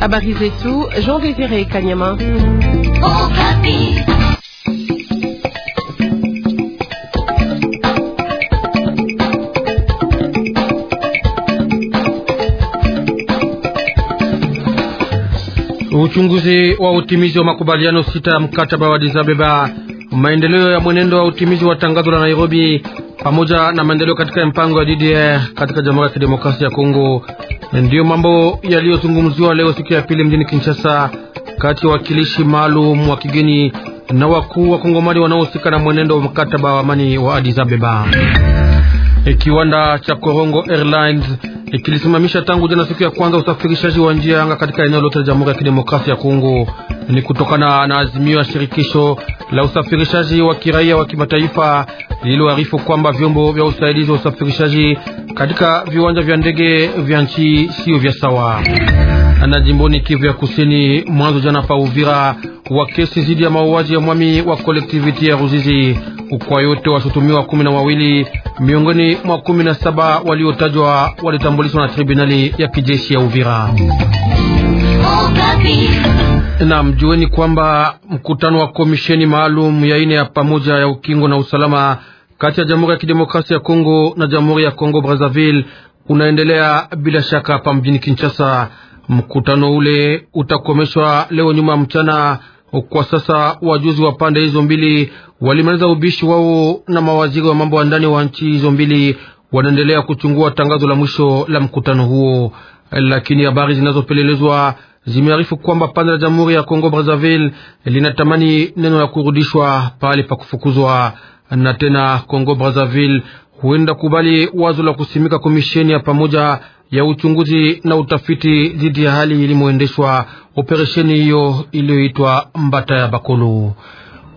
Habari zetu Jean Désiré Kanyama. Okapi. Uchunguzi wa utimizi wa makubaliano sita ya mkataba wa Addis Ababa, maendeleo ya mwenendo wa utimizi wa tangazo la Nairobi pamoja na maendeleo katika mpango ya DDR katika Jamhuri ya Kidemokrasia ya Kongo. Ndiyo mambo yaliyozungumziwa leo siku ya pili mjini Kinshasa kati ya wakilishi maalum wa kigeni na wakuu wa Kongomani wanaohusika na mwenendo wa mkataba wa amani wa Addis Ababa. E, kiwanda cha Korongo Airlines e, kilisimamisha tangu jana siku ya kwanza usafirishaji wa njia anga katika eneo lote la Jamhuri ya Kidemokrasia ya Kongo. Ni kutokana na azimio ya shirikisho la usafirishaji wa kiraia wa kimataifa lililoarifu kwamba vyombo vya usaidizi wa usafirishaji katika viwanja vya ndege vya nchi sio vya sawa. Na jimboni Kivu ya Kusini, mwanzo jana pa Uvira wa kesi zidi ya mauaji ya mwami wa kolektiviti ya Ruzizi. Kwa yote washutumiwa kumi na wawili miongoni mwa kumi na saba waliotajwa walitambulishwa na tribunali ya kijeshi ya Uvira. Oh, na mjueni kwamba mkutano wa komisheni maalum ya ine ya pamoja ya ukingo na usalama kati ya Jamhuri ya Kidemokrasia ya Kongo na Jamhuri ya Kongo Brazzaville unaendelea bila shaka hapa mjini Kinshasa. Mkutano ule utakomeshwa leo nyuma mchana. Kwa sasa wajuzi wa pande hizo mbili walimaliza ubishi wao, na mawaziri wa mambo ya ndani wa nchi hizo mbili wanaendelea kuchungua tangazo la mwisho la mkutano huo, lakini habari zinazopelelezwa zimearifu kwamba pande la Jamhuri ya Kongo Brazzaville linatamani neno la kurudishwa pale pa kufukuzwa, na tena Kongo Brazzaville huenda kubali wazo la kusimika komisheni ya pamoja ya uchunguzi na utafiti dhidi ya hali ilimoendeshwa operesheni hiyo iliyoitwa Mbata ya Bakolo.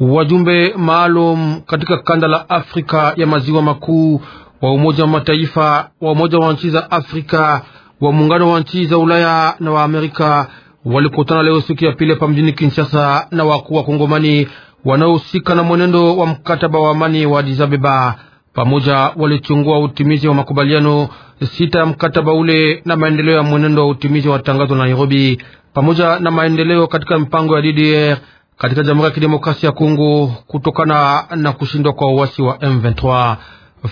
Wajumbe maalum katika kanda la Afrika ya maziwa makuu wa Umoja wa Mataifa, wa Umoja wa nchi za Afrika wa muungano wa nchi za Ulaya na wa Amerika walikutana leo siku ya pili hapa mjini Kinshasa na wakuu wa Kongomani wanaohusika na mwenendo wa mkataba wa amani wa Addis Ababa. Pamoja walichungua utimizi wa makubaliano sita ya mkataba ule na maendeleo ya mwenendo wa utimizi wa tangazo la Nairobi, pamoja na maendeleo katika mpango ya DDR katika Jamhuri ya Kidemokrasia ya Kongo kutokana na kushindwa kwa uasi wa M23.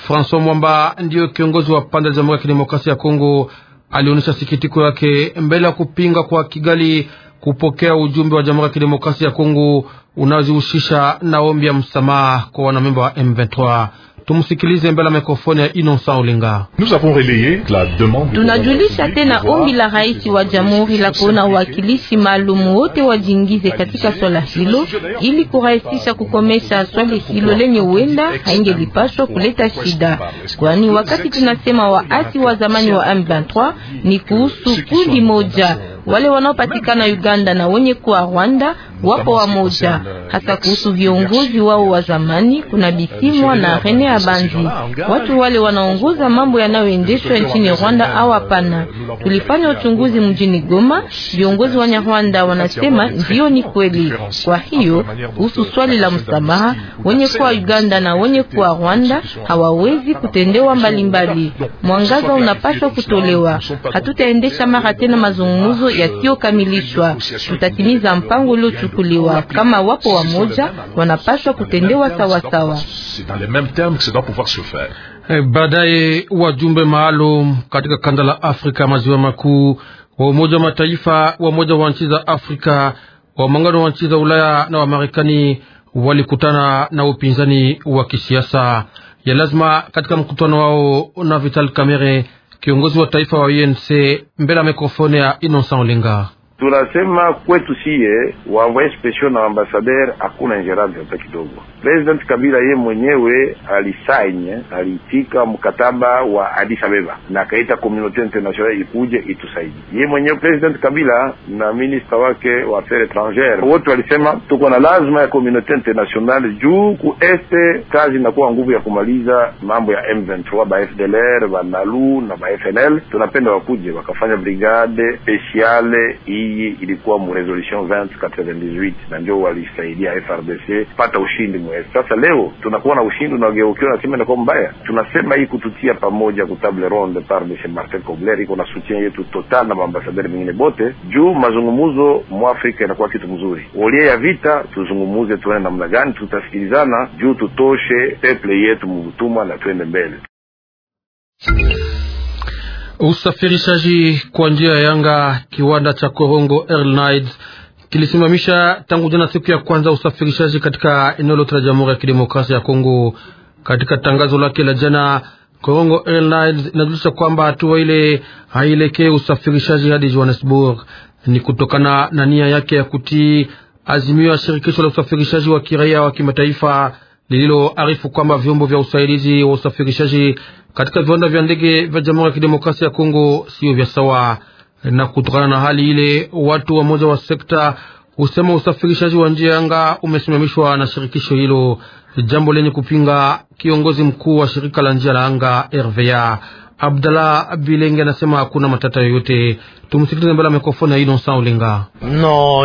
François Mwamba ndiyo kiongozi wa pande la Jamhuri ya Kidemokrasia ya Kongo alionyesha sikitiko yake mbele ya kupinga kwa Kigali kupokea ujumbe wa Jamhuri ya Kidemokrasia ya Kongo unaozihusisha na ombi ya msamaha kwa wanamemba wa M23. Tumsikilize mbele ya mikrofoni ya Innocent Olinga. Tunajulisha tena ombi la rais wa jamhuri la kuona wakilishi maalum wote wajiingize katika swala hilo ili kurahisisha kukomesha swali hilo lenye huenda haingelipaswa kuleta shida, kwani wakati tunasema waasi wa zamani wa M23 ni kuhusu kundi moja wale wanaopatikana Uganda na wenye kuwa Rwanda wapo wamoja, hasa kuhusu viongozi wao wa zamani. Kuna Bisimwa na Rene Abanzi, watu wale wanaongoza mambo yanayoendeshwa nchini Rwanda au hapana? Tulifanya uchunguzi mjini Goma, viongozi wa Nyarwanda wanasema ndio, ni kweli. Kwa hiyo kuhusu swali la msamaha, wenye kuwa Uganda na wenye kuwa Rwanda hawawezi kutendewa mbalimbali. Mwangaza unapaswa kutolewa. Hatutaendesha mara tena mazungumzo yasiyokamilishwa, tutatimiza mpango ulio kuchukuliwa. Kama wapo wamoja, wanapaswa kutendewa sawasawa. Eh, baadaye wajumbe maalum katika kanda la Afrika maziwa makuu wa Umoja wa Mataifa, wa Umoja wa nchi za Afrika, wa muungano wa nchi za Ulaya na wa Marekani walikutana na upinzani wa kisiasa ya lazima. Katika mkutano wao na Vital Kamerhe, kiongozi wa taifa wa UNC, mbele ya mikrofoni ya Innocent Olenga tunasema kwetu siye waenvoye special na ambasader hakuna ingerance hata kidogo. President Kabila ye mwenyewe alisaini aliitika mkataba wa Addis Ababa na akaita community international ikuje itusaidie. Ye mwenyewe President Kabila na minister wake wa affaires étrangères wote walisema tuko na lazima ya community international juu ku este kazi inakuwa nguvu ya kumaliza mambo ya M23 ba FDLR ba NALU na ba FNL. Tunapenda wakuje wakafanya brigade speciale hii ilikuwa resolution 2098 na ndio walisaidia FRDC pata ushindi mwe Sasa leo tunakuwa na ushindi unageukiwa, nasema inakuwa mbaya. Tunasema hii kututia pamoja ku table ronde par Monsieur Martin Kobler iko na soutien yetu total na maambasaderi mengine bote, juu mazungumzo mwafrika inakuwa kitu mzuri. Olie ya vita tuzungumuze, tuone namna gani tutasikilizana juu tutoshe peple yetu mvutumwa na tuende mbele. Usafirishaji kwa njia ya yanga kiwanda cha Korongo Airlines kilisimamisha tangu jana siku ya kwanza usafirishaji katika eneo lote la Jamhuri ya Kidemokrasia ya Kongo. Katika tangazo lake la jana, Korongo Airlines inajulisha kwamba hatua ile haielekee usafirishaji hadi Johannesburg. Ni kutokana na nia yake ya kutii azimio ya shirikisho la usafirishaji wa kiraia wa kimataifa lililoarifu kwamba vyombo vya usaidizi wa usafirishaji katika viwanda vya ndege vya Jamhuri ya Kidemokrasia ya Kongo sio vya sawa, na kutokana na hali ile watu wa moja wa sekta husema usafirishaji wa njia anga umesimamishwa na shirikisho hilo, jambo lenye kupinga kiongozi mkuu wa shirika la njia la anga RVA Abdallah Bilenge anasema hakuna matata yoyote Tumsikilize mbele ya mikrofoni ya Innocent Olinga. No,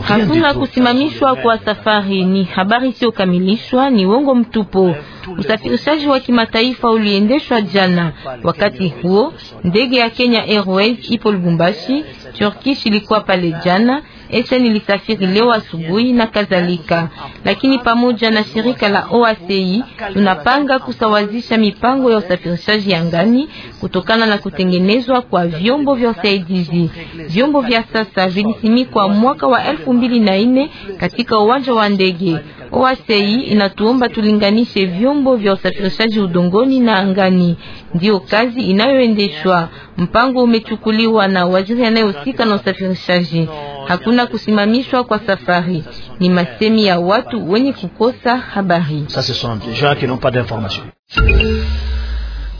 hakuna kusimamishwa kwa safari, ni habari isiyokamilishwa, ni uongo mtupu. Usafirishaji wa kimataifa uliendeshwa jana. Wakati huo ndege ya Kenya Airways ipo Lubumbashi, Turkish ilikuwa pale jana, SN ilisafiri leo asubuhi na kadhalika. Lakini pamoja na shirika la OACI tunapanga kusawazisha mipango ya usafirishaji angani kutokana na kutengenezwa kwa vyombo vya usaidizi. Vyombo vya sasa vilisimikwa mwaka wa elfu mbili na nne katika uwanja wa ndege. OACI inatuomba tulinganishe vyombo vya usafirishaji udongoni na angani. Ndiyo kazi inayoendeshwa. Mpango umechukuliwa na waziri anayehusika na usafirishaji. Hakuna kusimamishwa kwa safari. Ni masemi ya watu wenye kukosa habari.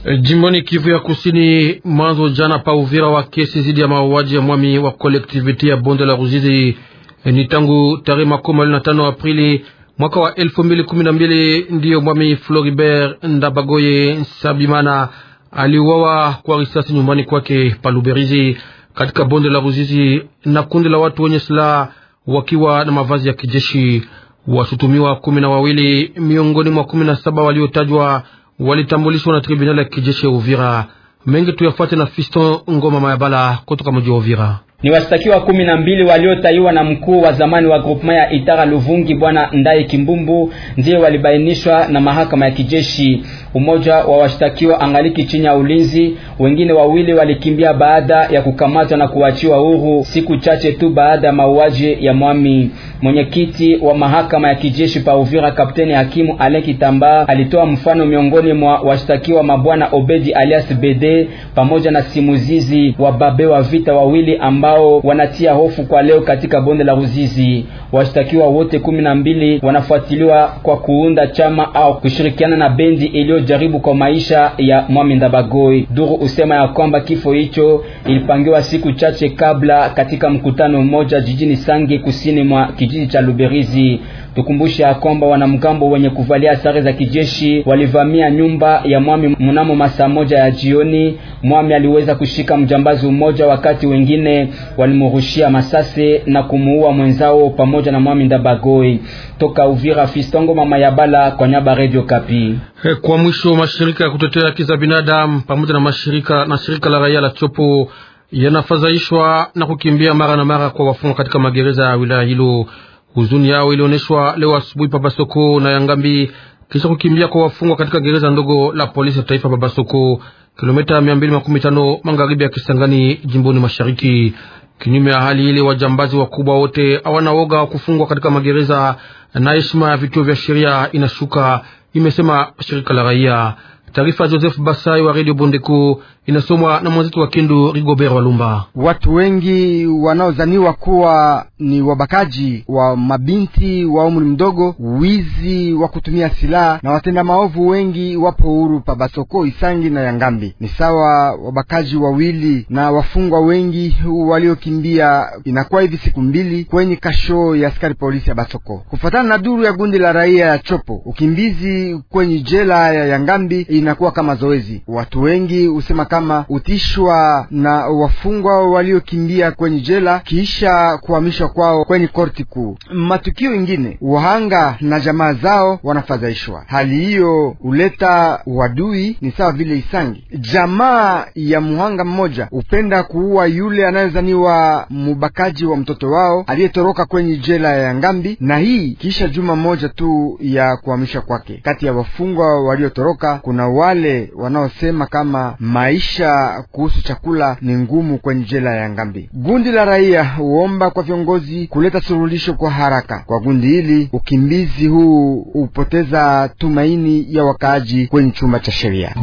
Eh, jimboni Kivu ya Kusini, mwanzo jana pa Uvira wa kesi zidi ya mauaji ya mwami wa kolektiviti ya bonde la Ruzizi eh, ni tangu tarehe makumi mawili na tano Aprili mwaka wa elfu mbili kumi na mbili ndiyo mwami Floribert Ndabagoye Sabimana aliuawa kwa risasi nyumbani kwake Paluberizi katika bonde la Ruzizi na kundi la watu wenye silaha wakiwa na mavazi ya kijeshi. Washutumiwa kumi na wawili miongoni mwa kumi na saba waliotajwa walitambulishwa na tribunali ya kijeshi ya Uvira. Mengi tuyafuate na Fiston Ngoma Mayabala kutoka mji wa Uvira ni washtakiwa kumi na mbili waliotaiwa na mkuu wa zamani wa grupema ya Itara Luvungi bwana Ndaye Kimbumbu ndiye walibainishwa na mahakama ya kijeshi. Umoja wa washtakiwa angaliki chini ya ulinzi, wengine wawili walikimbia baada ya kukamatwa na kuachiwa huru siku chache tu baada ya mauaji ya Mwami. Mwenyekiti wa mahakama ya kijeshi pa Uvira Kapteni Hakimu Aleki Kitamba alitoa mfano miongoni mwa washtakiwa mabwana Obedi alias Bede pamoja na simuzizi wa babe wa vita wawili ambao ambao wanatia hofu kwa leo katika bonde la Ruzizi. Washtakiwa wote kumi na mbili wanafuatiliwa kwa kuunda chama au kushirikiana na bendi iliyojaribu kwa maisha ya Mwami Ndabagoi. Duru usema ya kwamba kifo hicho ilipangiwa siku chache kabla katika mkutano mmoja jijini Sange kusini mwa kijiji cha Luberizi. Tukumbushe ya kwamba wanamgambo wenye kuvalia sare za kijeshi walivamia nyumba ya mwami mnamo masaa moja ya jioni. Mwami aliweza kushika mjambazi mmoja, wakati wengine walimurushia masase na kumuua mwenzao pamoja na mwami Ndabagoi. Toka Uvira, Fistongo mama ya Bala kwa nyaba Radio Kapi. Hey, kwa mwisho mashirika ya kutetea haki za binadamu pamoja na mashirika na shirika la raia la Chopo yanafadhaishwa na kukimbia mara na mara kwa wafungwa katika magereza ya wilaya hilo. Huzuni yao ilionyeshwa leo asubuhi Babasoko na Yangambi kisha kukimbia kwa wafungwa katika gereza ndogo la polisi ya taifa Babasoko, kilomita 215 magharibi ya Kisangani, jimboni mashariki. Kinyume ya hali ile, wajambazi wakubwa wote hawana woga wa kufungwa katika magereza na heshima ya vituo vya sheria inashuka, imesema shirika la raia. Taarifa ya Joseph Basai wa redio Bondeko inasomwa na mwenzetu wa Kindu Rigobert Walumba. Watu wengi wanaozaniwa kuwa ni wabakaji wa mabinti wa umri mdogo, wizi wa kutumia silaha na watenda maovu wengi wapo huru pa Basoko, Isangi na Yangambi. Ni sawa wabakaji wawili na wafungwa wengi waliokimbia, inakuwa hivi siku mbili kwenye kasho ya askari polisi ya Basoko, kufuatana na duru ya gundi la raia ya Chopo. Ukimbizi kwenye jela ya Yangambi inakuwa kama zoezi, watu wengi husema kama utishwa na wafungwa waliokimbia kwenye jela kisha kuhamishwa kwao kwenye korti kuu. Matukio ingine, wahanga na jamaa zao wanafadhaishwa. Hali hiyo huleta wadui, ni sawa vile Isangi, jamaa ya muhanga mmoja hupenda kuua yule anayezaniwa mubakaji wa mtoto wao aliyetoroka kwenye jela ya Ngambi, na hii kisha juma moja tu ya kuhamishwa kwake. Kati ya wafungwa waliotoroka kuna wale wanaosema kama maisha maisha kuhusu chakula ni ngumu kwenye jela ya Ngambi. Gundi la raia huomba kwa viongozi kuleta suluhisho kwa haraka. Kwa gundi hili, ukimbizi huu hupoteza tumaini ya wakaaji kwenye chumba cha sheria.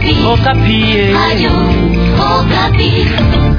Okapi. Okapi.